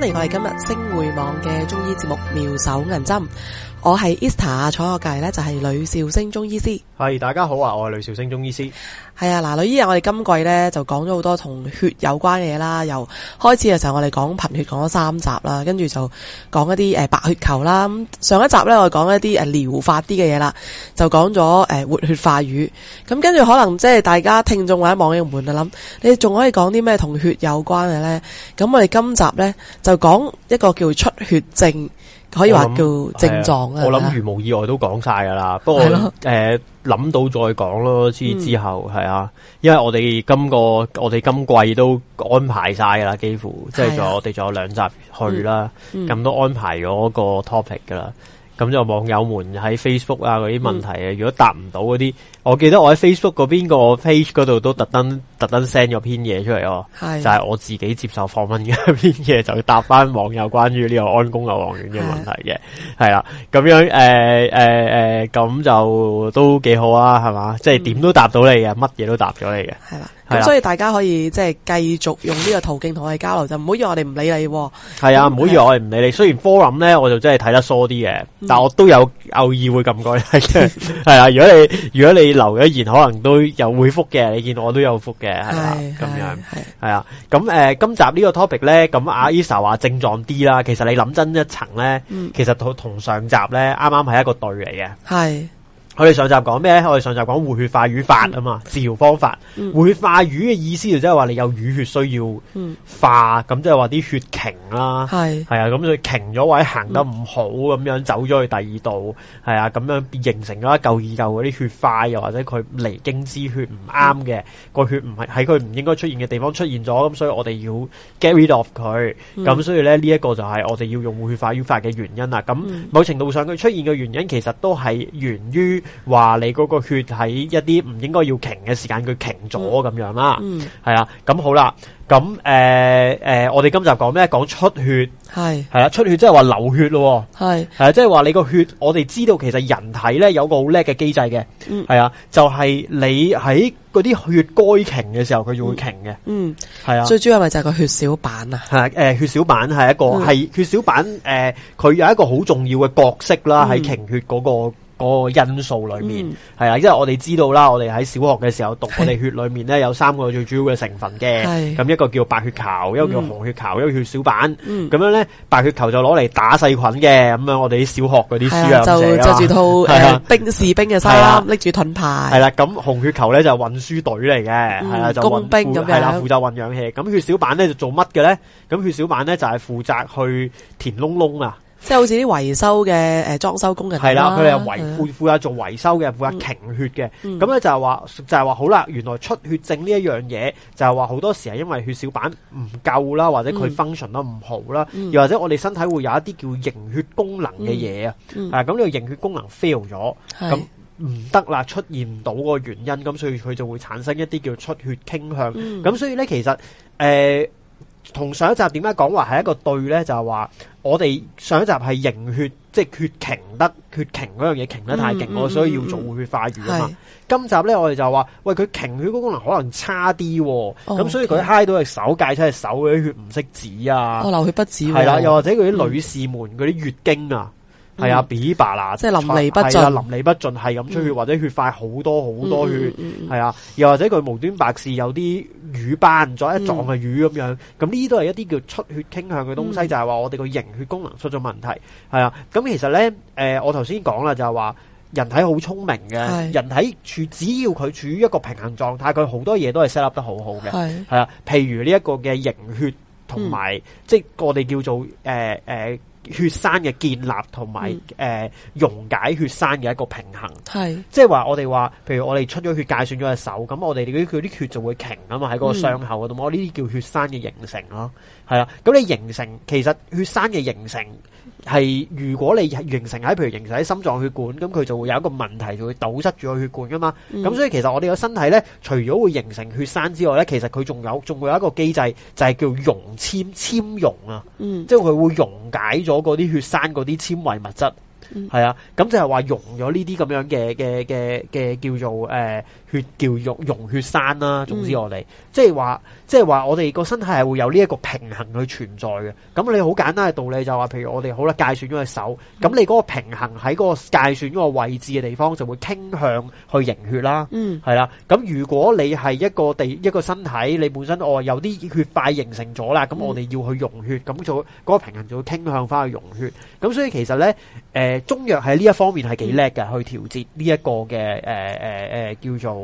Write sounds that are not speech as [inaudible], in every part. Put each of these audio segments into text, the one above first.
歡迎，我係今日星匯網嘅中醫節目《妙手銀針》。我係 Easter，坐我隔籬咧就係呂少星中醫師。係大家好啊，我係呂少星中醫師。係啊，嗱，呂醫啊，我哋今季咧就講咗好多同血有關嘅嘢啦。由開始嘅時候，我哋講貧血，講咗三集啦，跟住就講一啲誒、呃、白血球啦。咁上一集咧，我哋講一啲誒療法啲嘅嘢啦，就講咗誒活血化瘀。咁跟住可能即係大家聽眾或者網友們啊諗，你仲可以講啲咩同血有關嘅咧？咁我哋今集咧就講一個叫出血症。可以話叫症狀啦。我諗如無意外都講晒噶啦。的不過誒諗的、呃、到再講咯，之之後係啊、嗯，因為我哋今個我哋今季都安排晒噶啦，幾乎即係的仲有我哋仲有兩集去啦，咁、嗯嗯、都安排咗個 topic 噶啦。咁就網友們喺 Facebook 啊嗰啲問題啊，嗯、如果答唔到嗰啲，我記得我喺 Facebook 嗰邊個 page 嗰度都特登特登 send 咗篇嘢出嚟，係是、啊、就係我自己接受訪問嘅篇嘢，就答翻網友關於呢個安宮牛黃丸嘅問題嘅，係啦是、啊啊，咁樣誒誒誒，咁、呃呃呃、就都幾好啊，係嘛，即係點都答到你嘅，乜嘢都答咗你嘅，係啦、嗯啊，咁所以大家可以即係繼續用呢個途徑同我哋交流 [laughs] 就唔好以為我哋唔理你，係啊，唔好以為我哋唔理你，雖然 forum 咧我就真係睇得疏啲嘅。但係我都有偶爾會咁講，係係啊！如果你如果你留咗言，可能都有會複嘅。你見我都有複嘅，係啦，咁樣係啊。咁誒，今集呢個 topic 咧，咁阿 Elsa 話症狀啲啦。其實你諗真一層咧，其實同同上集咧，啱啱係一個對嚟嘅。係。我哋上集講咩咧？我哋上集講活血化瘀法啊嘛，嗯、治療方法。活、嗯、血化瘀嘅意思就即係話你有瘀血需要化，咁即係話啲血凝啦，係，係啊，咁佢凝咗或者行得唔好咁、嗯、樣走咗去第二度，係啊，咁樣形成咗一舊二舊嗰啲血塊，又或者佢離經之血唔啱嘅，嗯、個血唔係喺佢唔應該出現嘅地方出現咗，咁所以我哋要 get rid of 佢，咁、嗯、所以咧呢一、呢個就係我哋要用活血化瘀法嘅原因啦。咁某程度上佢出現嘅原因，其實都係源於。話你嗰個血喺一啲唔應該要停嘅時間，佢停咗咁樣啦，嗯，係啊樣，咁、嗯、好啦，咁誒誒，我哋今集講咩？講出血，係，係啊，出血即係話流血咯，係係啊，即係話你個血，我哋知道其實人體呢有個好叻嘅機制嘅，係啊、嗯，就係、是、你喺嗰啲血該停嘅時候，佢就會停嘅，嗯，係啊的、嗯，最主要係咪就係個血小板啊？係誒、呃，血小板係一個係、嗯、血小板誒，佢、呃、有一個好重要嘅角色啦，喺停血嗰、那個。個因素裏面係啊，因為我哋知道啦，我哋喺小學嘅時候讀，我哋血裏面咧有三個最主要嘅成分嘅，咁一個叫白血球，一個叫紅血球，一個血小板。咁樣咧，白血球就攞嚟打細菌嘅，咁樣我哋啲小學嗰啲書啊，就著住套兵士兵嘅衫，拎住盾牌。係啦，咁紅血球咧就運輸隊嚟嘅，係啦就工兵咁樣啦負責運氧氣。咁血小板咧就做乜嘅咧？咁血小板咧就係負責去填窿窿啊。即係好似啲維修嘅，誒裝修工人係啦，佢哋係維會負責做維修嘅，負責凝血嘅。咁咧、嗯、就係話、嗯、就係話好啦，原來出血症呢一樣嘢就係話，好多時係因為血小板唔夠啦，或者佢 function 得唔好啦，嗯、又或者我哋身體會有一啲叫凝血功能嘅嘢、嗯、啊。咁呢個凝血功能 fail 咗，咁唔得啦，出現唔到個原因，咁所以佢就會產生一啲叫出血傾向。咁、嗯、所以咧，其實誒。呃同上一集點解講話係一個對咧？就係、是、話我哋上一集係凝血，即係血擎得血擎嗰樣嘢擎得太勁，嗯嗯、所以要做活血化瘀啊嘛。是今集咧我哋就話喂，佢擎血嗰功能可能差啲、哦，咁、哦、所以佢嗨到隻手，戒出隻手嗰啲血唔識止啊。我、哦、流血不止、啊，係啦，又或者佢啲女士們嗰啲、嗯、月經啊。係啊，比 b a 即係淋漓不盡，淋漓不盡係咁出血，或者血塊好多好多血，係啊，又或者佢無端白事有啲瘀斑，再一撞就瘀咁樣，咁呢啲都係一啲叫出血傾向嘅東西，就係話我哋個凝血功能出咗問題，係啊。咁其實咧，誒，我頭先講啦，就係話人體好聰明嘅，人體處只要佢處於一個平衡狀態，佢好多嘢都係 set up 得好好嘅，係啊。譬如呢一個嘅凝血同埋，即係我哋叫做誒誒。血栓嘅建立同埋誒溶解血栓嘅一個平衡，係、嗯、即係話我哋話，譬如我哋出咗血，界損咗隻手，咁我哋啲啲血就會凝啊嘛，喺個傷口度，我呢啲叫血栓嘅形成咯，係啊，咁你形成其實血栓嘅形成係如果你形成喺譬如形成喺心臟血管，咁佢就會有一個問題，就會堵塞住個血管噶嘛，咁、嗯、所以其實我哋嘅身體咧，除咗會形成血栓之外咧，其實佢仲有仲會有一個機制，就係、是、叫溶纖纖溶啊，嗯、即係佢會溶解咗。嗰啲血栓嗰啲纖維物質，係啊，咁就係話溶咗呢啲咁樣嘅嘅嘅嘅叫做誒。呃血叫溶融血山啦，總之我哋即係話，即係話我哋個身體係會有呢一個平衡去存在嘅。咁你好簡單嘅道理就話，譬如我哋好啦，介算咗個手，咁你嗰個平衡喺嗰個介算嗰個位置嘅地方，就會傾向去凝血啦。嗯是，係啦。咁如果你係一個地一個身體，你本身哦有啲血塊形成咗啦，咁我哋要去溶血，咁就嗰個平衡就會傾向翻去溶血。咁所以其實咧，誒、呃、中藥喺呢一方面係幾叻嘅，嗯、去調節呢一個嘅誒誒誒叫做。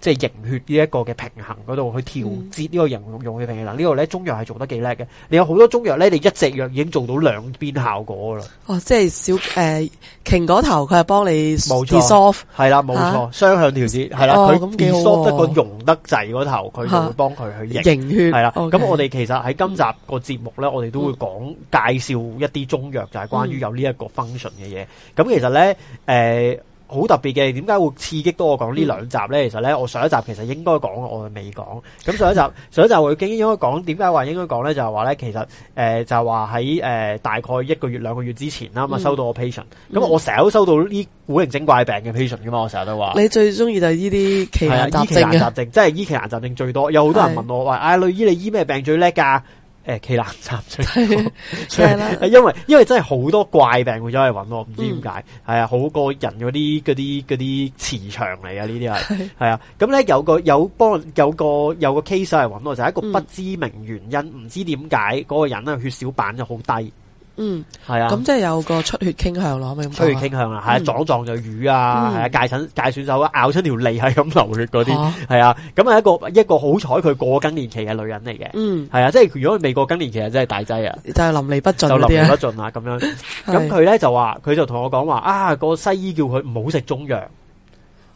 即係凝血呢一個嘅平衡嗰度去調節呢個溶溶血平衡，呢度咧中藥係做得幾叻嘅。你有好多中藥咧，你一劑藥已經做到兩邊效果噶啦。哦，即係小誒，瓊嗰頭佢係幫你 resolve 冇錯，係啦，冇錯，雙向調節係啦。佢 resolve 得個溶得滯嗰頭，佢就會幫佢去凝血係啦。咁我哋其實喺今集個節目咧，我哋都會講介紹一啲中藥，就係關於有呢一個 function 嘅嘢。咁其實咧，誒。好特別嘅，點解會刺激到我講呢兩集咧？其實咧，我上一集其實應該講，我未講。咁上一集， [laughs] 上一集我已經應該講，點解話應該講咧？就係話咧，其實、呃、就話喺、呃、大概一個月兩個月之前啦，咁啊、嗯、收到我 patient。咁、嗯、我成日都收到呢古靈精怪病嘅 patient 噶嘛，我成日都話。你最中意就係呢啲奇難雜症嘅，即係醫奇難雜症，、啊、真係醫奇難雜症最多。有好多人問我話：阿女是的、啊、醫你醫咩病最叻㗎？誒、哎，奇難雜症係啦， [laughs] 因為 [laughs] 因為真係好多怪病會走去揾我，唔知點解，係、嗯、啊，好過人嗰啲啲啲磁場嚟是 啊，呢啲係，係啊，咁咧有個有幫有個有個 case 係揾我，就係、是、一個不知名原因，唔、嗯、知點解嗰個人血小板就好低。嗯，係啊，咁即係有個出血傾向咯，咁出血傾向啊，係撞撞就瘀啊，係啊，戒診戒損手啊，咬出條脷係咁流血嗰啲，係啊，咁係一個一個好彩，佢過更年期嘅女人嚟嘅。嗯，係啊，即係如果未過更年期，真係大劑啊。但係淋漓不盡就淋漓不盡啊，咁樣。咁佢咧就話，佢就同我講話啊，個西醫叫佢唔好食中藥。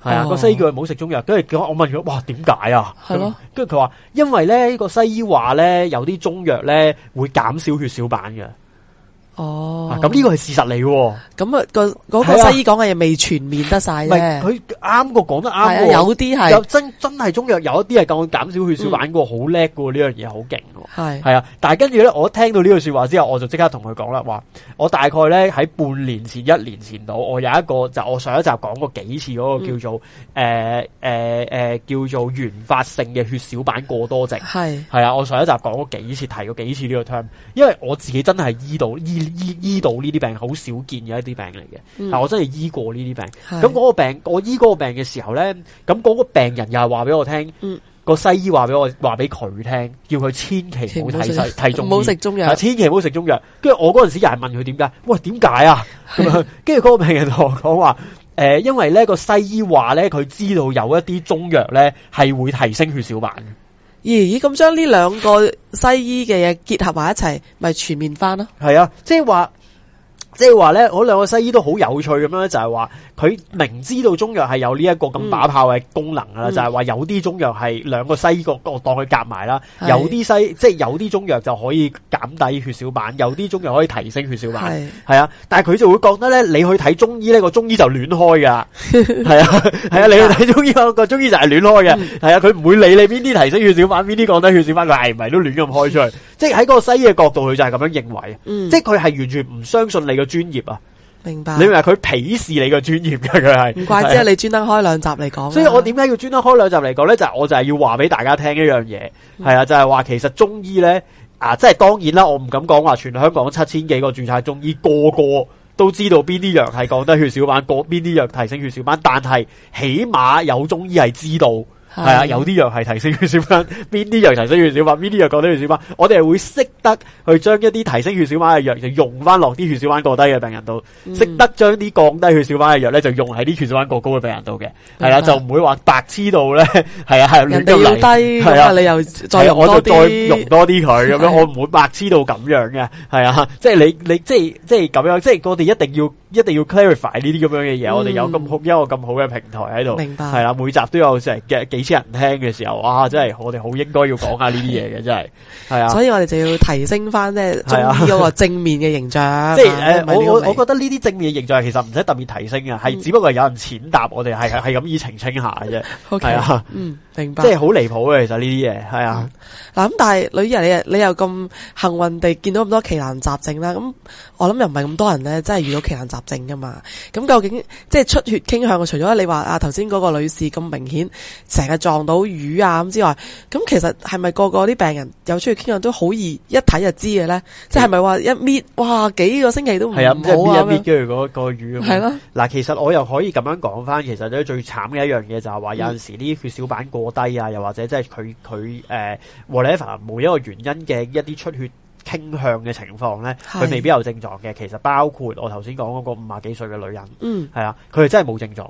係啊，個西醫叫佢唔好食中藥，跟住我問佢，哇，點解啊？跟住佢話，因為咧，個西醫話咧，有啲中藥咧會減少血小板嘅。哦，咁呢、啊、個係事實嚟嘅、哦，咁啊、嗯那個嗰、嗰個西醫講嘅嘢未全面得晒、啊，唔係佢啱個講得啱，係、啊、有啲係真真係中藥，有一啲係咁減少血小板個、嗯，這個好叻喎。呢樣嘢好勁，係係啊，但係跟住咧，我聽到呢句說話之後，我就即刻同佢講啦，話我大概咧喺半年前、一年前度，我有一個就我上一集講過幾次嗰個叫做誒誒誒叫做原發性嘅血小板過多症，係系是啊，我上一集講過幾次提過幾次呢個 term，因為我自己真係醫到醫。醫醫到呢啲病好少見嘅一啲病嚟嘅，嗱、嗯、我真係醫過呢啲病。咁嗰是個病我醫嗰個病嘅時候咧，咁嗰個病人又係話俾我聽，嗯、個西醫話俾我話俾佢聽，叫佢千祈唔好睇西睇中藥。唔好食中藥，千祈唔好食中藥。跟住我嗰陣時又係問佢點解，喂點解啊？咁是樣，跟住嗰個病人同我講話，誒、呃，因為咧、個西醫話咧，佢知道有一啲中藥咧係會提升血小板。咦，咁將呢兩個西醫嘅嘢結合埋一齊，咪全面翻咯？係啊，即係話，即係話咧，我兩個西醫都好有趣咁樣，就係話。佢明知道中藥係有呢一個咁打炮嘅功能啊，就係、是、話有啲中藥係兩個西醫角度當佢夾埋啦，有啲西即係有啲中藥就可以減低血小板，有啲中藥可以提升血小板，係是啊。但係佢就會覺得咧，你去睇中醫咧，個中醫就亂開噶，係 [laughs] 啊係啊，你去睇中醫，個中醫就係亂開嘅，係、嗯、啊，佢唔會理會你邊啲提升血小板，邊啲降低血小板，佢係咪都亂咁開出去？即係喺個西醫嘅角度，佢就係咁樣認為，嗯、即係佢係完全唔相信你嘅專業啊。明白，你咪以為佢鄙視你個專業嘅，佢係唔怪之係、啊、你專登開兩集嚟講。所以我點解要專登開兩集嚟講咧？就係、是、我就係要話俾大家聽一樣嘢，係、嗯、啊，就係、是、話其實中醫咧啊，即係當然啦，我唔敢講話全香港七千幾個注冊中醫個個都知道邊啲藥係降低血小板，過邊啲藥提升血小板，但係起碼有中醫係知道。係啊，有啲藥係提升血小板，邊啲藥提升血小板，邊啲藥降低血小板。我哋係會識得去將一啲提升血小板嘅藥，就用翻落啲血小板過低嘅病人度，識、嗯、得將啲降低血小板嘅藥咧，就用喺啲血小板過高嘅病人度嘅。係啦白、啊，就唔會話白痴到咧，係啊係，你又低，係啊你又再、啊、我就再用多啲佢咁樣，我唔會白痴到咁樣嘅。係啊，即係你你即係即係咁樣，即係我哋一定要一定要 clarify 呢啲咁樣嘅嘢。嗯、我哋有咁好一個咁好嘅平台喺度，明白係啦、啊，每集都有成嘅幾。啲人聽嘅時候，啊，真係我哋好應該要講下呢啲嘢嘅，真係係啊！ [laughs] 所以我哋就要提升翻咧中醫個正面嘅形象。即係我我覺得呢啲正面嘅形象其實唔使特別提升嘅，係、嗯、只不過有人踐踏我哋係係咁以澄清下嘅啫。係啊 Okay, 的、嗯，明白。即係好離譜嘅，其實呢啲嘢係啊。嗱咁、嗯，但係女人你又你又咁幸運地見到咁多奇難雜症啦。咁我諗又唔係咁多人咧，真係遇到奇難雜症噶嘛。咁究竟即係出血傾向？除咗你話啊，頭先嗰個女士咁明顯撞到魚啊咁之外，咁其實係咪個個啲病人有出去傾向都好易一睇就知嘅咧？即係咪話一搣哇，幾個星期都唔係啊，即係搣一搣跟住嗰個魚係咯。嗱的，其實我又可以咁樣講翻，其實最慘嘅一樣嘢就係話有陣時啲血小板過低啊，嗯、又或者即係佢佢誒 whatever 每一個原因嘅一啲出血傾向嘅情況咧，佢的未必有症狀嘅。其實包括我頭先講嗰個五十幾歲嘅女人，係啊、嗯，佢係真係冇症狀。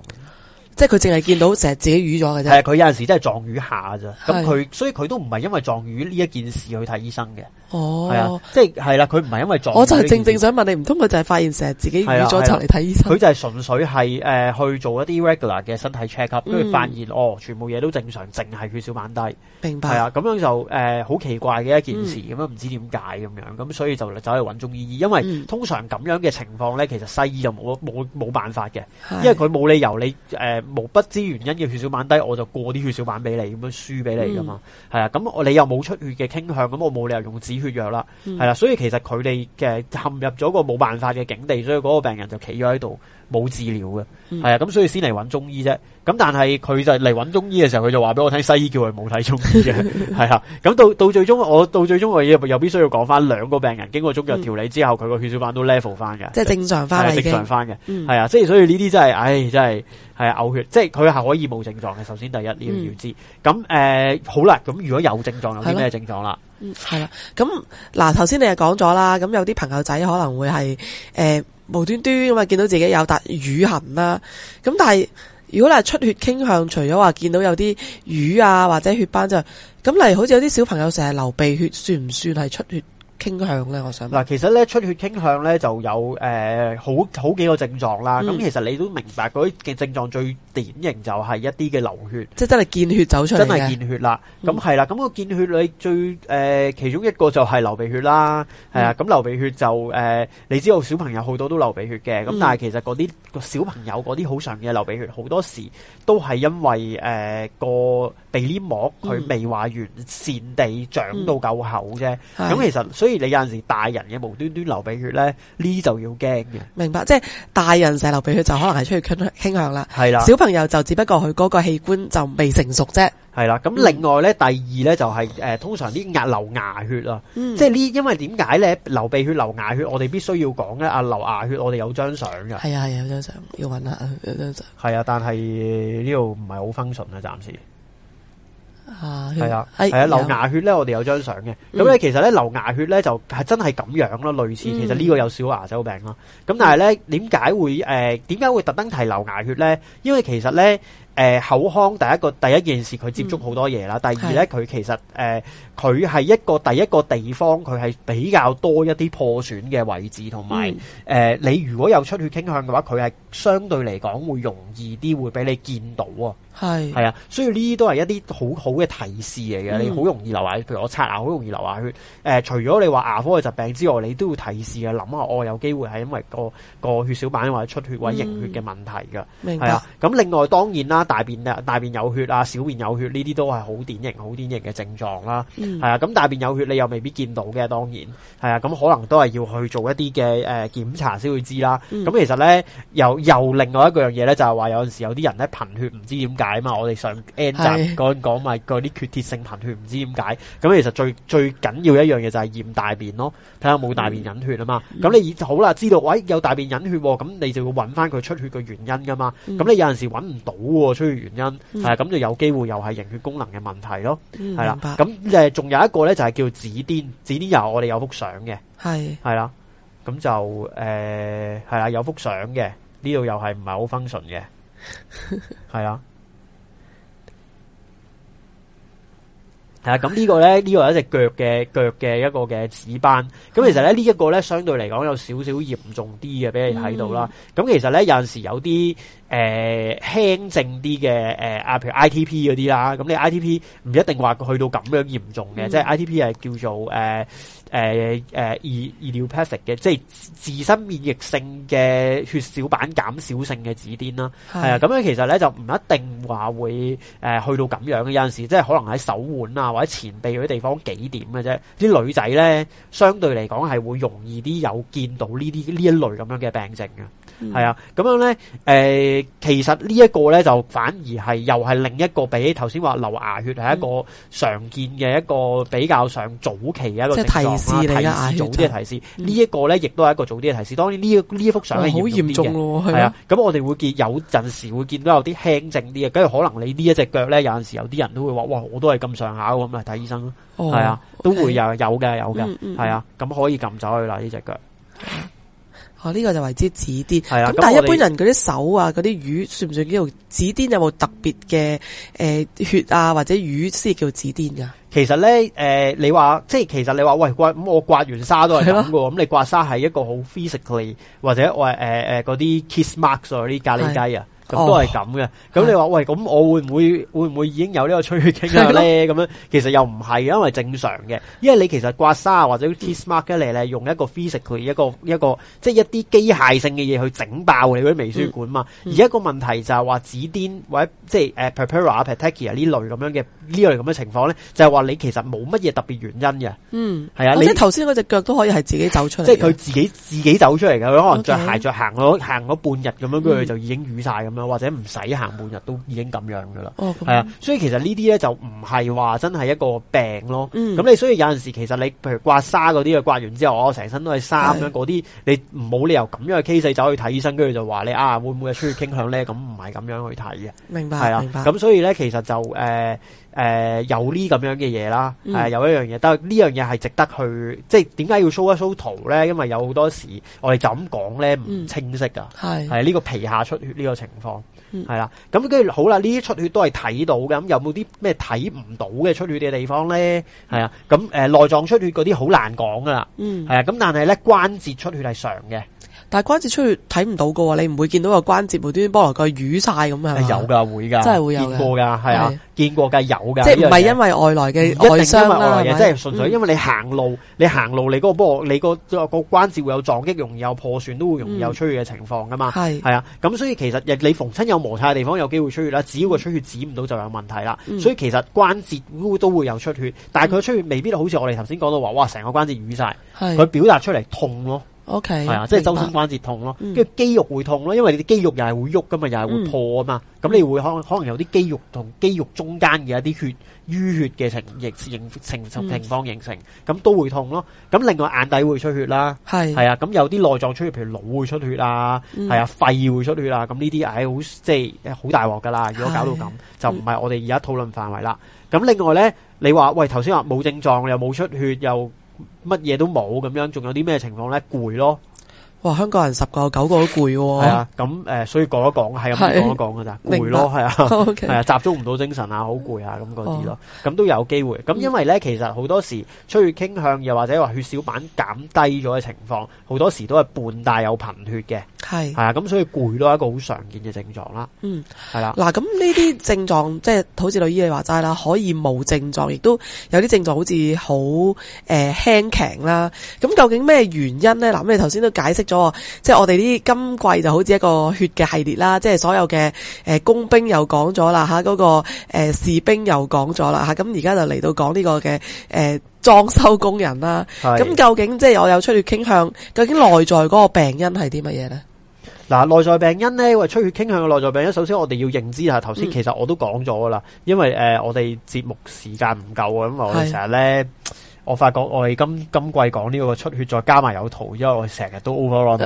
即係佢淨係見到成日自己瘀咗嘅啫，係佢有陣時真係撞瘀下咋。咁佢所以佢都唔係因為撞瘀呢一件事去睇醫生嘅。哦，係啊，即係係啦，佢唔係因為撞，我就正正想問你，唔通佢就係發現成日自己淤咗就嚟睇醫生？佢就係純粹係誒去做一啲 regular 嘅身體 checkup，跟住發現哦，全部嘢都正常，淨係血小板低，明白係啊？咁樣就誒好奇怪嘅一件事，咁樣唔知點解咁樣，咁所以就走去揾中醫，因為通常咁樣嘅情況咧，其實西醫就冇冇冇辦法嘅，因為佢冇理由你誒。無不知原因嘅血小板低，我就過啲血小板俾你，咁樣輸俾你噶嘛，係啊、嗯，咁我你又冇出血嘅傾向，咁我冇理由用止血藥啦，係啦、嗯，所以其實佢哋嘅陷入咗個冇辦法嘅境地，所以嗰個病人就企咗喺度。冇治療嘅，係啊、嗯，咁所以先嚟搵中醫啫。咁但係佢就嚟搵中醫嘅時候，佢就話俾我聽西醫叫佢冇睇中醫嘅，係啊。 [laughs] 咁到到最終，我到最終，我又必須要講翻兩個病人經過中藥調理之後，佢個、嗯、血小板都 level 翻嘅，即係正常翻嚟的，正常翻嘅，係啊、嗯。即係所以呢啲真係，唉、哎，真係係啊嘔血，即係佢係可以冇症狀嘅。首先第一，你要知。咁誒、嗯呃，好啦，咁如果有症狀，是的 有啲咩症狀啦？係啦。咁、嗯、嗱，頭先你又講咗啦。咁有啲朋友仔可能會係無端端咁啊，見到自己有笪瘀痕啦，咁但係如果你係出血傾向，除咗話見到有啲瘀啊或者血斑就，咁例如好似有啲小朋友成日流鼻血，算唔算係出血傾向咧，我想嗱，其實咧出血傾向咧就有誒、呃、好好，好幾個症狀啦。咁、嗯、其實你都明白嗰啲嘅症狀最典型就係一啲嘅流血，即係真係見血走出嚟，真係見血啦。咁係啦，咁個見血裏，最誒、呃、其中一個就係流鼻血啦，係啊、嗯呃。咁流鼻血就誒、呃，你知道小朋友好多都流鼻血嘅，咁、嗯、但係其實嗰啲個小朋友嗰啲好常嘅流鼻血，好多時都係因為誒、呃、個。鼻黏膜佢未話完、嗯、善地長到夠厚啫，咁、嗯、其實所以你有陣時候大人嘅無端端流鼻血咧，呢就要驚嘅。明白，即係大人成流鼻血就可能係出去傾向傾向啦。係啦的，小朋友就只不過佢嗰個器官就未成熟啫。係啦，咁另外咧，嗯、第二咧就係、是、誒，通常啲牙流牙血啊，即係呢，因為點解咧流鼻血、嗯、為為流牙血，血我哋必須要講咧。阿流牙血，我哋有張相嘅。係啊係啊，有張相要搵下。有張相係啊，但係呢度唔係好分 u 啊，暫時。係啊，係啊，流牙血咧，我哋有張相嘅。咁咧，其實咧流牙血咧就係真係咁樣咯，類似其實呢個有少牙周病啦。咁、嗯、但係咧，點解會誒？點、呃、解會特登提流牙血咧？因為其實咧，誒、呃，口腔第一個第一件事佢接觸好多嘢啦。嗯、第二咧，佢其實誒，佢、呃、係一個第一個地方，佢係比較多一啲破損嘅位置，同埋誒，你如果有出血傾向嘅話，佢係相對嚟講會容易啲，會俾你見到啊。係，係是啊，所以呢啲都係一啲好好嘅提示嚟嘅，你好容易流下血，譬如我刷牙好容易流下血。誒、呃，除咗你話牙科嘅疾病之外，你都要提示啊。諗下我有機會係因為個個血小板或者出血或者凝血嘅問題噶、嗯。明白。係啊，咁另外當然啦，大便大便有血啊，小便有血呢啲都係好典型、好典型嘅症狀啦。係、嗯、啊，咁大便有血你又未必見到嘅，當然係啊，咁可能都係要去做一啲嘅誒檢查先會知啦。咁、嗯、其實咧，又又另外一個樣嘢咧，就係、是、話有陣時有啲人咧貧血唔知點解。解嘛？我哋上 N 集講講埋嗰啲缺鐵性貧血，唔知點解咁。其實最最緊要一樣嘢，就係驗大便咯，睇下冇大便隱血啊嘛。咁你好啦，知道喂、哎、有大便隱血、哦，咁你就會揾翻佢出血嘅原因噶嘛。咁你有陣時揾唔到喎、啊，出血原因係咁、嗯、就有機會又係凝血功能嘅問題咯，係啦。咁誒，仲有一個呢就係、是、叫紫癜，紫癜又我哋有幅相嘅，係係啦。咁就誒係、呃、啦，有幅相嘅呢度又係唔係好 function 嘅，係啊。 [laughs] 係啦，咁，啊這個、呢、這個咧，呢個係一隻腳嘅腳嘅一個嘅紫斑，咁其實咧呢一、嗯、個咧相對嚟講有少少嚴重啲嘅俾你睇到啦，咁其實咧有陣時有啲。誒、嗯、輕症啲嘅誒啊，譬如 ITP 嗰啲啦，咁你 ITP 唔一定話佢去到咁樣嚴重嘅、嗯呃呃呃，即係 ITP 係叫做誒誒誒 idiopathic 嘅，即係自身免疫性嘅血小板減少性嘅紫癜啦，啊是，咁、嗯、樣其實咧就唔一定話會、呃、去到咁樣，有陣時即係可能喺手腕啊或者前臂嗰啲地方幾點嘅啫，啲女仔咧相對嚟講係會容易啲有見到呢啲呢一類咁樣嘅病症嘅。係啊，咁樣咧，誒、呃，其實呢一個咧，就反而係又係另一個比頭先話流牙血係一個常見嘅一個比較上早期嘅一個提示，提示早啲嘅提示。呢一個咧亦都係一個早啲嘅提示。當然呢呢一幅相係好嚴重咯，係、哦、啊。咁、啊、我哋會見有陣時會見到有啲輕症啲嘅，跟住可能你隻腳呢一隻腳咧有陣時有啲人都會話，哇，我都係咁上下咁啊，睇醫生咯，係、哦、啊，都會有嘅有嘅，係、嗯嗯、啊，咁可以撳走佢啦呢隻腳。哦，呢、這個就為之紫癜，咁但係一般人嗰啲手啊，嗰啲瘀算唔算叫做紫癜？有冇特別嘅誒血啊，或者瘀先叫紫癜噶？其實咧，誒、呃，你話即係其實你話喂，咁、嗯、我刮完沙都係咁噶，咁的、嗯、你刮沙係一個好 physically 或者我誒、呃、誒嗰、呃、啲 kiss marks 嗰啲咖喱雞啊。都係咁嘅，咁、哦、你話喂，咁我會唔會會唔會已經有個經呢個出血傾向咧？咁是的 樣其實又唔係，因為正常嘅，因為你其實刮痧或者 kiss mark 咧，嗯、用一個 physical 一個一個，一個即係一啲機械性嘅嘢去整爆你嗰啲微血管嘛。嗯、而一個問題就係話紫癜或者即係誒、uh, purpura, petechia 呢類咁樣嘅呢類咁嘅情況咧，就係、是、話你其實冇乜嘢特別原因嘅。嗯，係啊，頭先嗰隻腳都可以係自己走出嚟，即係佢自己自己走出嚟嘅。佢可能着鞋着行咗行咗半日咁樣，跟住，嗯、就已經瘀晒咁或者唔使行半日都已經咁樣噶啦，係、哦、啊，所以其實這些呢啲咧就唔係話真係一個病咯。咁、嗯、你所以有陣時其實你譬如刮痧嗰啲啊，刮完之後我成身都係痧咁樣嗰啲，你冇理由咁樣嘅 case 走去睇醫生，跟住就話你啊會唔會有出血傾向咧？咁唔係咁樣去睇嘅。明白係啊，咁明白 所以咧其實就誒。呃誒、呃，有呢咁樣嘅嘢啦，係、啊、有一樣嘢，但係呢樣嘢係值得去，即係點解要 show 一 show 圖咧？因為有好多時我哋就咁講咧唔清晰噶，係係呢個皮下出血呢個情況，係啦、嗯，咁跟住好啦，呢啲出血都係睇到嘅，咁有冇啲咩睇唔到嘅出血嘅地方咧？係啊、嗯，咁誒內臟出血嗰啲好難講噶啦，係啊、嗯，咁但係咧關節出血係常嘅。但係關節出血睇唔到嘅喎，你唔會見到個關節無端端幫個瘀晒咁啊？有噶會噶，真係會有。見過噶係啊，見過噶有噶。即係唔係因為外來嘅外傷啦，即係純粹因為你行路，你行路你嗰個波，你個個關節會有撞擊，容易有破損，都會容易有出血嘅情況噶嘛。係啊，咁所以其實你逢親有摩擦嘅地方，有機會出血啦。只要個出血止唔到就有問題啦。所以其實關節都都會有出血，但係佢出血未必好似我哋頭先講到話，哇，成個關節瘀晒，佢表達出嚟，痛咯。O K，係啊，白即係周身關節痛咯，跟住、嗯、肌肉會痛咯，因為你啲肌肉又係會喐噶嘛，又係會破啊嘛，咁、嗯、你會可能、嗯、可能有啲肌肉同肌肉中間嘅一啲血淤血嘅情形形成情況、嗯、形成，咁都會痛咯。咁另外眼底會出血啦，係是啊，咁有啲內臟出血，譬如腦會出血啊，係、嗯、啊，肺會出血啊，咁呢啲係好即係好大鑊噶啦，如果搞到咁是就唔係我哋而家討論範圍啦。咁另外咧，你話喂頭先話冇症狀又冇出血又。乜嘢都冇咁樣，仲有啲咩情況咧？攰咯，哇！香港人十個九個都攰喎。係啊，咁誒、呃，所以講一講，係咁講一講㗎咋？攰是咯，係白啊，係、哦 okay、啊，集中唔到精神啊，好攰啊，咁嗰啲咯。咁、哦、都有機會。咁因為咧，其實好多時出血傾向，又或者話血小板減低咗嘅情況，好、嗯、多時都係伴帶有貧血嘅。係係啊，咁所以攰都係一個好常見嘅症狀啦。嗯，係啦的。嗱，咁呢啲症狀即係好似女醫你話齋啦，可以冇症狀，亦都有啲症狀好似好誒輕強啦。咁究竟咩原因咧？嗱，咁你頭先都解釋咗，即係我哋啲今季就好似一個血嘅系列啦。即係所有嘅誒、呃、工兵又講咗啦，吓、啊、嗰、那個誒、呃、士兵又講咗啦，吓咁而家就嚟到講呢個嘅誒裝修工人啦。咁是的 究竟即係我有出血傾向，究竟內在嗰個病因係啲乜嘢咧？嗱、啊，內在病因咧，或者出血傾向嘅內在病因。首先，我哋要認知下。頭先其實我都講咗噶啦，因為我哋節目時間唔夠啊，因為我哋成日咧，我發覺我哋今今季講呢個出血再加埋有圖，因為我哋成日都 overrun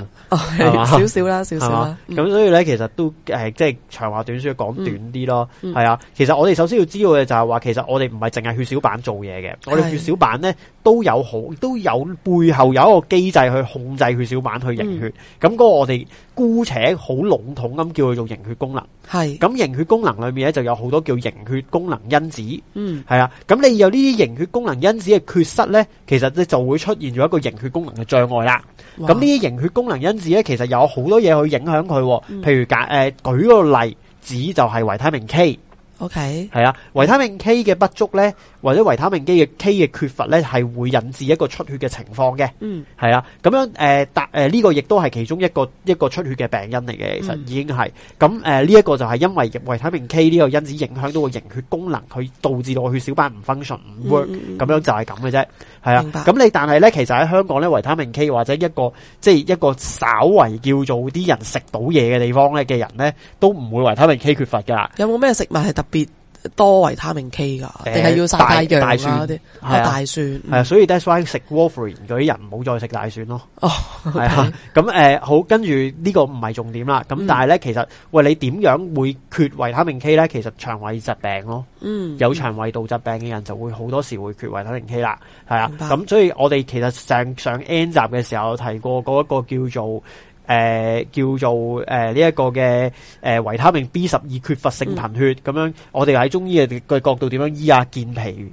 少少啦，少少咁吧、嗯、所以咧，其實都即係長話短説，講短啲咯。係啊，其實我哋首先要知道嘅就係話，其實我哋唔係淨係血小板做嘢嘅，我哋血小板咧都有好都有背後有一個機制去控制血小板去凝血。咁嗰、嗯、個我哋。姑且好籠統咁叫佢做凝血功能，係咁是凝血功能裏面咧就有好多叫凝血功能因子。嗯，係啦，咁你有呢啲凝血功能因子嘅缺失咧，其實咧就會出現咗一個凝血功能嘅障礙啦。咁呢啲凝血功能因子咧，其實有好多嘢去影響佢，譬如講誒、呃，舉個例子就係維他命 K。OK，係啊，維他命 K 嘅不足咧，或者維他命 K 嘅 K 嘅缺乏咧，係會引致一個出血嘅情況嘅。嗯，係啊，咁樣誒，達誒呢個亦都係其中一個一個出血嘅病因嚟嘅。其實已經係咁誒，呢一、嗯呃這個就係因為維他命 K 呢個因子影響到個凝血功能，去導致到個血小板唔 function 唔 work，咁、嗯嗯、樣就係咁嘅啫。係啊，咁明白 你但係咧，其實喺香港咧，維他命 K 或者一個即係一個稍為叫做啲人食到嘢嘅地方咧嘅人咧，都唔會維他命 K 缺乏噶啦。有冇咩食物係特別多維他命 K 噶，定係、呃、要曬太陽啊啲大蒜，係啊，所以 that's why 大蒜食 Warfarin 嗰啲人唔好再食大蒜咯。哦，係啊，咁誒、嗯、好，跟住呢個唔係重點啦。咁但係咧、嗯，其實喂你點樣會缺維他命 K 咧？其實腸胃疾病咯，嗯，有腸胃道疾病嘅人就會好多時會缺維他命 K 啦，係啊。明白。咁所以我哋其實上上 N 集嘅時候有提過嗰一個叫做。誒、呃，叫做誒呢一個嘅誒、呃、維他命 B 十二缺乏性貧血咁、嗯、樣，我哋喺中醫嘅角度點樣醫啊？健脾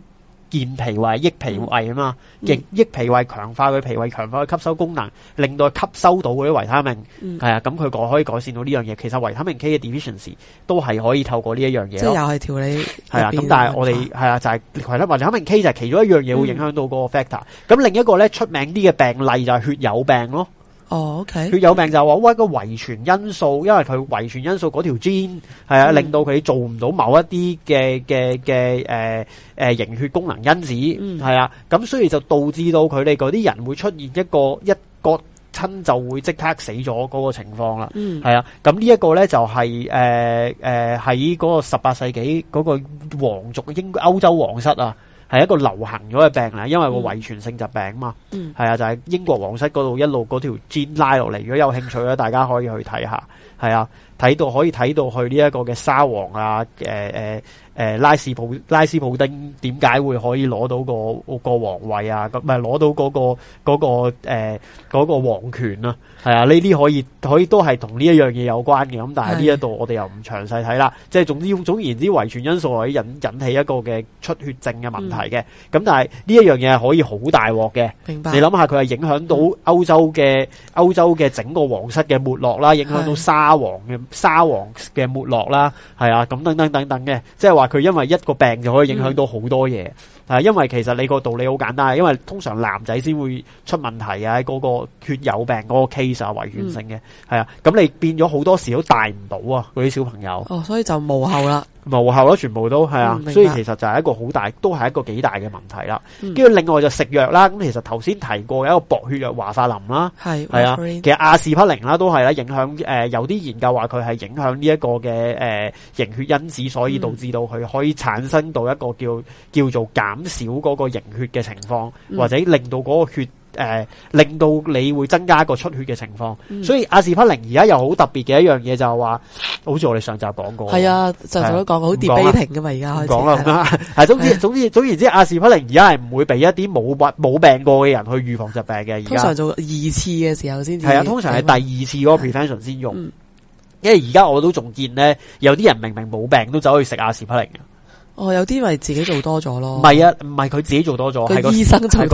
健脾胃、益脾胃啊嘛，嗯、益益脾胃，胃，強化佢脾胃，強化佢吸收功能，令到佢吸收到嗰啲維他命係、嗯、啊。咁佢改可以改善到呢樣嘢。其實維他命 K 嘅 deficiency 都係可以透過呢一樣嘢，即係又係調理係啊。咁但係我哋係啊，就係維他命維他命 K 就係其中一樣嘢會影響到嗰個 factor。咁、嗯、另一個咧出名啲嘅病例就係血友病咯。哦、oh，OK，佢、okay. 有病就話，喂個遺傳因素，因為佢遺傳因素嗰條 gene 係啊，令到佢做唔到某一啲嘅嘅嘅誒誒凝血功能因子，係、嗯、啊，咁所以就導致到佢哋嗰啲人會出現一個一割親就會即刻死咗嗰個情況啦，係、嗯、啊，咁呢一個咧就係誒誒喺嗰個十八世紀嗰個皇族歐歐洲皇室啊。係一個流行咗嘅病嚟，因為個遺傳性疾病啊嘛，係，嗯，啊，就係、是、英國皇室嗰度一路嗰條軸拉落嚟，如果有興趣咧，大家可以去睇下，係啊，睇到可以睇到去呢一個嘅沙皇啊，呃呃誒，拉斯普拉斯普丁點解會可以攞到個個皇位啊？咁咪攞到嗰、嗰個、嗰個誒、呃嗰個皇權咯？係啊，呢啲、啊、可以可以都係同呢一樣嘢有關嘅。咁但係呢一度我哋又唔詳細睇啦。是的 即係總之總言之，遺傳因素可以引引起一個嘅出血症嘅問題嘅。咁、嗯、但係呢一樣嘢係可以好大鑊嘅。明白你。你諗下，佢係影響到歐洲嘅歐洲嘅整個皇室嘅沒落啦，影響到沙皇嘅是的 沙皇嘅沒落啦。係啊，咁等等等等嘅，即係話。佢因為一個病就可以影響到好多嘢，係因為其實你個道理好簡單，因為通常男仔先會出問題啊，嗰個血友病嗰個 case 係遺傳性嘅，係啊，咁你變咗好多時都帶唔到啊，嗰啲小朋友。哦，所以就無後啦。無效咯，全部都係啊，所以其實就係一個好大，都係一個幾大嘅問題啦。跟住、嗯、另外就食藥啦，咁其實頭先提過有一個薄血藥華法林啦，係係是啊，其實阿士匹靈啦都係影響誒、這個，有啲研究話佢係影響呢一個嘅誒凝血因子，所以導致到佢可以產生到一個叫叫做減少嗰個凝血嘅情況，或者令到嗰個血。誒、呃，令到你會增加一個出血嘅情況，嗯、所以阿士匹靈而家又好特別嘅一樣嘢就係話，好似我哋上集講過、啊、過，係啊，就我都講好 debating 噶嘛，而家開始講啦，係、啊啊、總之是、啊、總之總言之，阿士匹靈而家係唔會俾一啲冇病冇病過嘅人去預防疾病嘅，通常做二次嘅時候先係啊，通常係第二次嗰個 prevention 先、啊、用，嗯、因為而家我都仲見咧，有啲人明明冇病都走去食阿士匹靈。我、哦、有啲咪自己做多咗咯，唔係啊，唔係佢自己做多咗，係個醫生做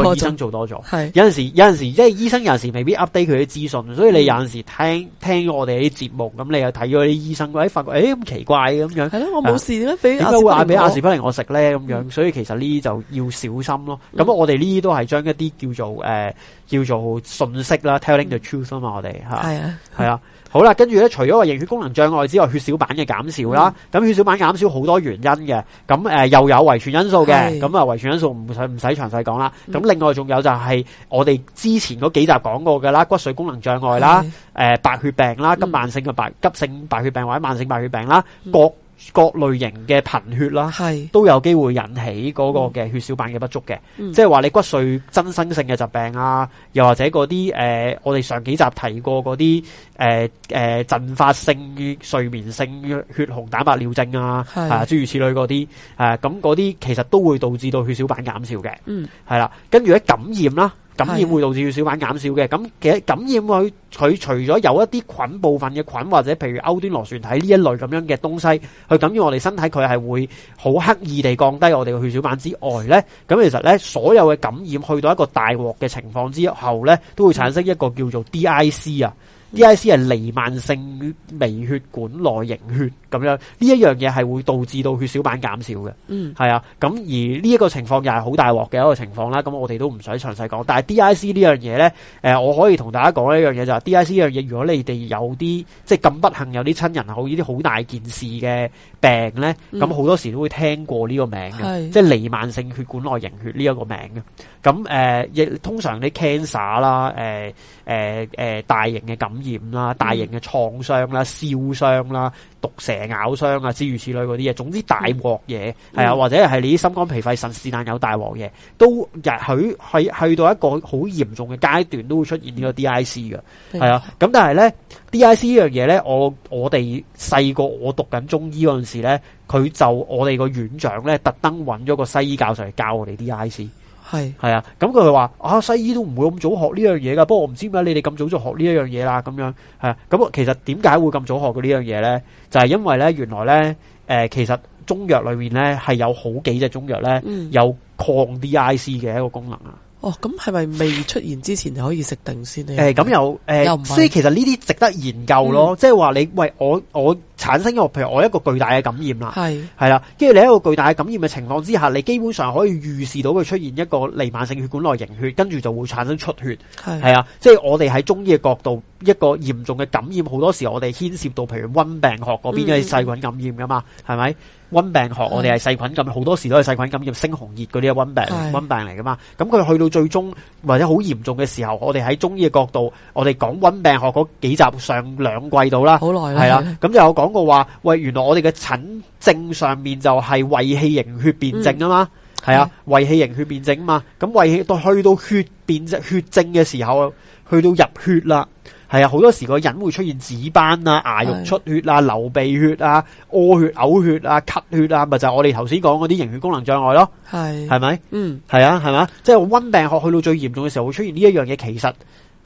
多咗。係有陣時，是有陣時,有時即係醫生有陣時未必 update 佢啲資訊，所以你有陣時聽聽咗我哋啲節目咁，你又睇咗啲醫生鬼，發覺誒咁奇怪咁樣。係咯，我冇事點解點解會嗌俾阿士匹靈我食咧咁樣？所以其實呢啲就要小心咯。咁、嗯、我哋呢啲都係將一啲叫做誒、呃、叫做信息啦、嗯、，telling the truth 啊嘛，我哋吓係啊係啊。好啦，跟住咧，除咗個凝血功能障礙之外，血小板嘅減少啦，咁、嗯、血小板減少好多原因嘅，咁、嗯、誒、呃、又有遺傳因素嘅，咁啊遺傳因素唔使唔使詳細講啦，咁、嗯、另外仲有就係我哋之前嗰幾集講過嘅啦，骨髓功能障礙啦，誒是、呃、白血病啦，咁、嗯、急慢性嘅白急性白血病或者慢性白血病啦，嗯、各。各類型嘅貧血啦，是都有機會引起嗰個嘅血小板嘅不足嘅，即係話你骨髓增生性嘅疾病啊，又或者嗰啲誒，我哋上幾集提過嗰啲誒誒，陣發性睡眠性血紅蛋白尿症啊，是啊諸如此類嗰啲，誒咁嗰啲其實都會導致到血小板減少嘅，嗯，係啦，跟住咧感染啦。感染會導致血小板減少嘅，咁其實感染佢除咗有一啲菌、部分嘅菌或者譬如歐端螺旋體呢一類咁樣嘅東西，去感染我哋身體，佢係會好刻意地降低我哋嘅血小板之外呢。咁其實呢，所有嘅感染去到一個大鑊嘅情況之後呢，都會產生一個叫做 DIC 啊。D.I.C. 係彌漫性微血管內凝血咁樣，呢一樣嘢係會導致到血小板減少嘅。嗯，係啊，咁而呢一個情況又係好大鑊嘅一個情況啦。咁我哋都唔想詳細講，但係 D.I.C. 呢樣嘢咧，誒、呃，我可以同大家講一樣嘢就係 D.I.C. 呢樣嘢，如果你哋有啲即係咁不幸有啲親人好呢啲好大件事嘅病咧，咁好、嗯、多時都會聽過呢個名嘅，是即係彌漫性血管內凝血呢一個名嘅。咁誒，亦、呃、通常啲 cancer 啦，誒誒誒，大型嘅感染。感染啦、大型嘅創傷啦、燒傷啦、毒蛇咬傷啊，之如此類嗰啲嘢，總之大鑊嘢，係啊、嗯，或者係你啲心肝脾肺腎是但有大鑊嘢，都也許去去到一個好嚴重嘅階段，都會出現呢個 DIC 嘅，係啊，咁但係咧 DIC 呢樣嘢咧，我我哋細個我讀緊中醫嗰陣時咧，佢就我哋個院長咧，特登揾咗個西醫教授嚟教我哋 DIC。係係是啊，咁佢話啊西醫都唔會咁早學呢樣嘢噶，不過我唔知點解你哋咁早就學呢一樣嘢啦，咁樣係咁，其實點解會咁早學過呢樣嘢咧？就係、是、因為咧，原來咧，誒、呃，其實中藥裏面咧係有好幾隻中藥咧有抗 DIC 嘅一個功能啊。嗯哦，咁係咪未出現之前就可以食定先呢？誒，咁、欸呃、又誒，所以其實呢啲值得研究咯，即係話你喂我我產生一個，譬如我一個巨大嘅感染啦，係係啦，跟住你一個巨大嘅感染嘅情況之下，你基本上可以預示到佢出現一個彌漫性血管內凝血，跟住就會產生出血，係係啊，即、就、係、是、我哋喺中醫嘅角度，一個嚴重嘅感染好多時我哋牽涉到譬如温病學嗰邊嘅細菌感染噶嘛，係咪、嗯？溫病學我哋係細菌感，好多時候都係細菌感染，猩紅熱嗰啲溫病溫是的 病嚟噶嘛？咁佢去到最終或者好嚴重嘅時候，我哋喺中醫嘅角度，我哋講溫病學嗰幾集上兩季度啦，好耐啦，係啦的，咁的就有講過話，喂，原來我哋嘅診症上面就係衛氣營血辨證啊嘛，係啊，衛氣營血辨證啊嘛，咁衛氣到去到血變血症嘅時候，去到入血啦。係啊，好多時個人會出現紫斑啊、牙肉出血啊、是的 流鼻血啊、屙血、嘔血啊、咳血啊，咪就係、是、我哋頭先講嗰啲凝血功能障礙咯。係係咪？嗯，係啊，係嘛，即係溫病學去到最嚴重嘅時候，會出現呢一樣嘢，其實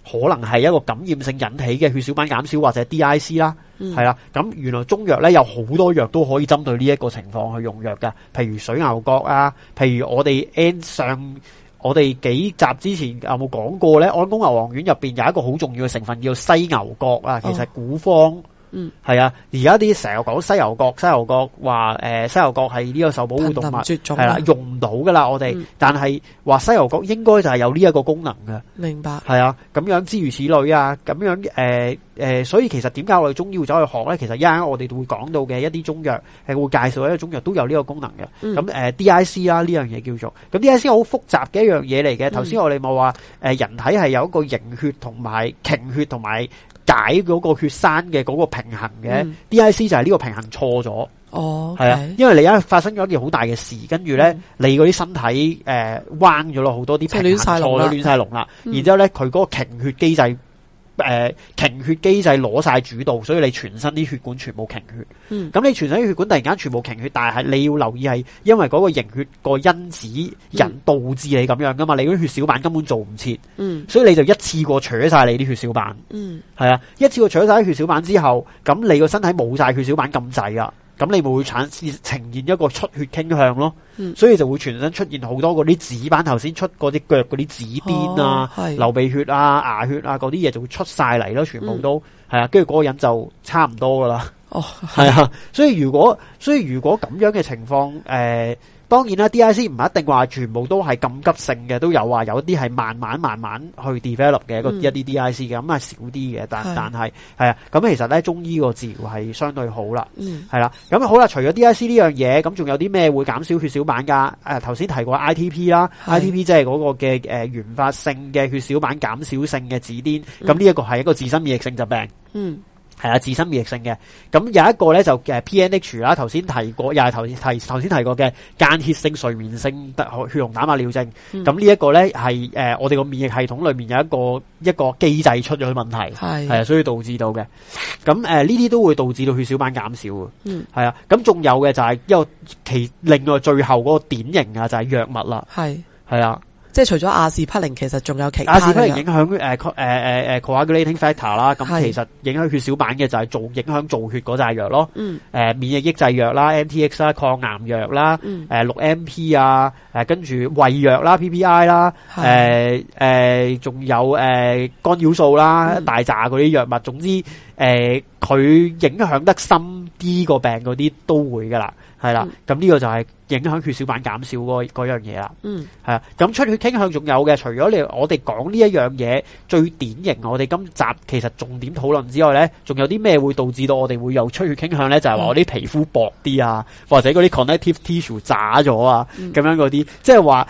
可能係一個感染性引起嘅血小板減少或者 DIC 啦。係啦、嗯啊，咁原來中藥呢有好多藥都可以針對呢一個情況去用藥噶，譬如水牛角啊，譬如我哋 N 上。我哋幾集之前有冇講過呢？安宮牛黃丸入邊有一個好重要嘅成分叫犀牛角啊，其實是古方。嗯，係啊，而家啲成日講犀牛角犀牛角話，誒，犀牛角係呢個受保護動物，係啦，啊啊，用唔到噶啦，我哋，嗯，但係話犀牛角應該就係有呢一個功能噶，明白？係啊，咁樣諸如此類啊，咁樣誒誒，呃呃，所以其實點解我哋中醫會走去學咧？其實一陣間我哋會講到嘅一啲中藥，係會介紹一啲中藥都有呢個功能嘅。咁誒，嗯呃、，D I C 啦，啊、呢樣嘢叫做，咁 D I C 好複雜嘅一樣嘢嚟嘅。頭先我哋冇話誒，人體係有一個凝血同埋凝血同埋。解嗰個血栓嘅嗰個平衡嘅、嗯、，DIC 就係呢個平衡錯咗，係、哦 okay、啊，因為你而家發生咗一件好大嘅事，跟住咧，你嗰啲身體誒彎咗咯，好、呃、多啲錯咗，亂晒龍啦，亂晒龍啦，然之後咧，佢嗰個凝血機制。誒，凝、呃、血機制攞晒主導，所以你全身啲血管全部停血。嗯，咁你全身啲血管突然間全部停血，但係你要留意係，因為嗰個凝血個因子人導致你咁樣噶嘛？你啲血小板根本做唔切。嗯，所以你就一次過扯晒你啲血小板。嗯,嗯，係啊，一次過扯晒血小板之後，咁你個身體冇晒血小板咁滯噶。咁你咪會產呈現一個出血傾向咯，嗯、所以就會全身出現好多嗰啲紫斑，頭先出嗰啲腳嗰啲紫癜啊，哦、流鼻血啊、牙血啊嗰啲嘢就會出晒嚟咯，全部都係啊，跟住嗰個人就差唔多噶啦，係啊、哦，所以如果所以如果咁樣嘅情況誒。呃當然啦，DIC 唔一定話全部都係咁急性嘅，都有話有啲係慢慢慢慢去 develop 嘅一個一啲 DIC 嘅，咁係、嗯、少啲嘅。但是 但係係啊，咁其實咧中醫個治療係相對好啦，係啦、嗯。咁好啦，除咗 DIC 呢樣嘢，咁仲有啲咩會減少血小板噶？誒，頭先提過 ITP 啦，ITP 即係嗰個嘅誒、呃、原發性嘅血小板減少性嘅紫癜，咁呢一個係一個自身免疫性疾病。嗯。係啊，自身免疫性嘅。咁有一個咧就誒 P N H 啦，頭先提過，又係頭先提頭先提過嘅間歇性睡眠性得血紅蛋白尿症。咁呢、嗯、一個咧係誒我哋個免疫系統裏面有一個一個機制出咗問題，係係是的 所以導致到嘅。咁誒呢啲都會導致到血小板減少。嗯，係啊。咁仲有嘅就係因為其另外最後嗰個典型啊就係藥物啦，係係啊。即係除咗阿士匹林，其實仲有其他阿士匹林影響誒誒、呃、誒、呃呃、coagulating factor 啦，咁其實影響血小板嘅就係做影響造血嗰紮藥咯。嗯、呃，免疫抑制藥啦、MTX 啦、T、X, 抗癌藥啦、嗯呃、六 MP 啊、呃、跟住胃藥啦、PPI 啦、呃、仲是、呃、有誒干、呃、擾素啦、大扎嗰啲藥物，嗯、總之佢、呃、影響得深啲個病嗰啲都會噶啦，係啦。咁呢個就係、是。影響血小板減少嗰樣嘢啦，嗯，係啊，咁出血傾向仲有嘅，除咗你我哋講呢一樣嘢最典型，我哋今集其實重點討論之外咧，仲有啲咩會導致到我哋會有出血傾向咧？就係話我啲皮膚薄啲啊，嗯、或者嗰啲 connective tissue 渣咗啊，咁、嗯、樣嗰啲，即係話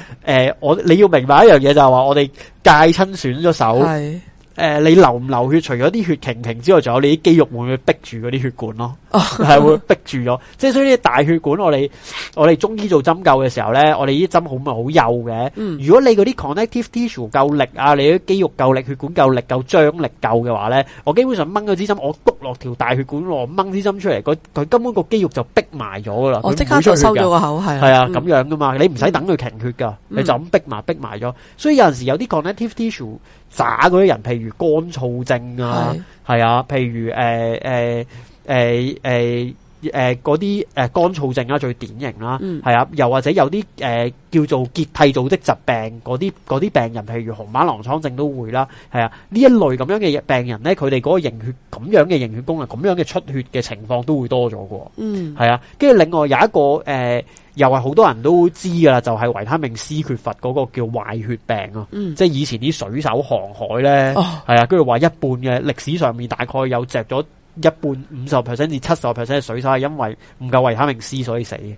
我你要明白一樣嘢就係話我哋介親選咗手。誒、呃，你流唔流血？除咗啲血擎停之外，仲有你啲肌肉會唔會逼住嗰啲血管咯？係 [laughs] 會逼住咗。即係所以啲大、嗯啊、大血管，我哋我哋中醫做針灸嘅時候咧，我哋啲針好咪好幼嘅。如果你嗰啲 connective tissue 夠力啊，你啲肌肉夠力、血管夠力、夠張力夠嘅話咧，我基本上掹嗰支針，我篤落條大血管，我掹支針出嚟，佢根本個肌肉就逼埋咗噶啦。我即刻就收咗個口，係係啊，咁的、嗯、樣噶嘛，你唔使等佢停血噶，嗯、你就咁逼埋逼埋咗。所以有陣時有啲 connective tissue。渣嗰啲人，譬如乾燥症啊，係是啊，譬如誒誒誒誒誒嗰啲誒乾燥症啦、啊，最典型啦、啊，係、嗯、啊，又或者有啲誒、呃、叫做結締組織疾病嗰啲嗰啲病人，譬如紅斑狼瘡症都會啦，係啊，呢一類咁樣嘅病人咧，佢哋嗰個凝血咁樣嘅凝血功能，咁樣嘅出血嘅情況都會多咗嘅，嗯，係啊，跟住另外有一個誒。呃又係好多人都知噶啦，就係、是、維他命 C 缺乏嗰個叫壞血病啊，嗯、即係以前啲水手航海咧，係、哦、啊，跟住話一半嘅歷史上面大概有着咗一半五十 percent 至七十 percent 嘅水手係因為唔夠維他命 C 所以死嘅，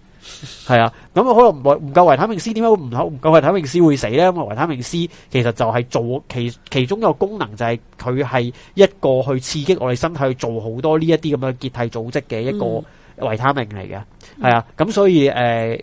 係啊，咁啊可能唔夠維他命 C，點解唔夠維他命 C 會死咧？咁啊維他命 C 其實就係做其其中一個功能就係佢係一個去刺激我哋身體去做好多呢一啲咁嘅結締組織嘅一個。嗯維他命嚟嘅，係啊，咁所以誒、呃，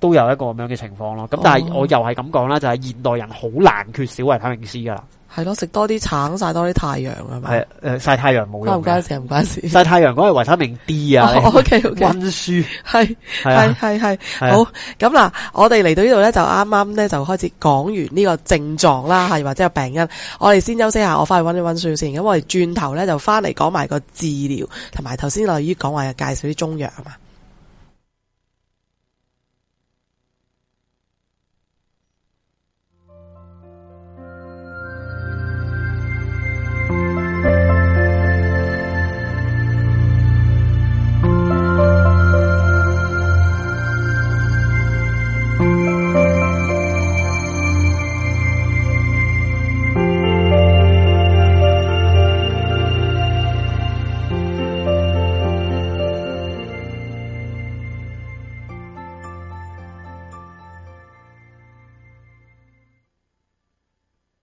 都有一個咁樣嘅情況咯。咁但係我又係咁講啦，就係、是、現代人好難缺少維他命 C 噶啦。係咯，食多啲橙，曬多啲太陽係嘛。係誒，曬太陽冇用，唔關事，唔關事。曬太陽講係維生素 D 啊。O K O K。溫書係係係係好。咁嗱，我哋嚟到呢度咧，就啱啱咧就開始講完呢個症狀啦，係或者係病因。我哋先休息下，我翻去溫啲溫書先。咁我哋轉頭咧就翻嚟講埋個治療，同埋頭先劉姨講話介紹啲中藥啊嘛。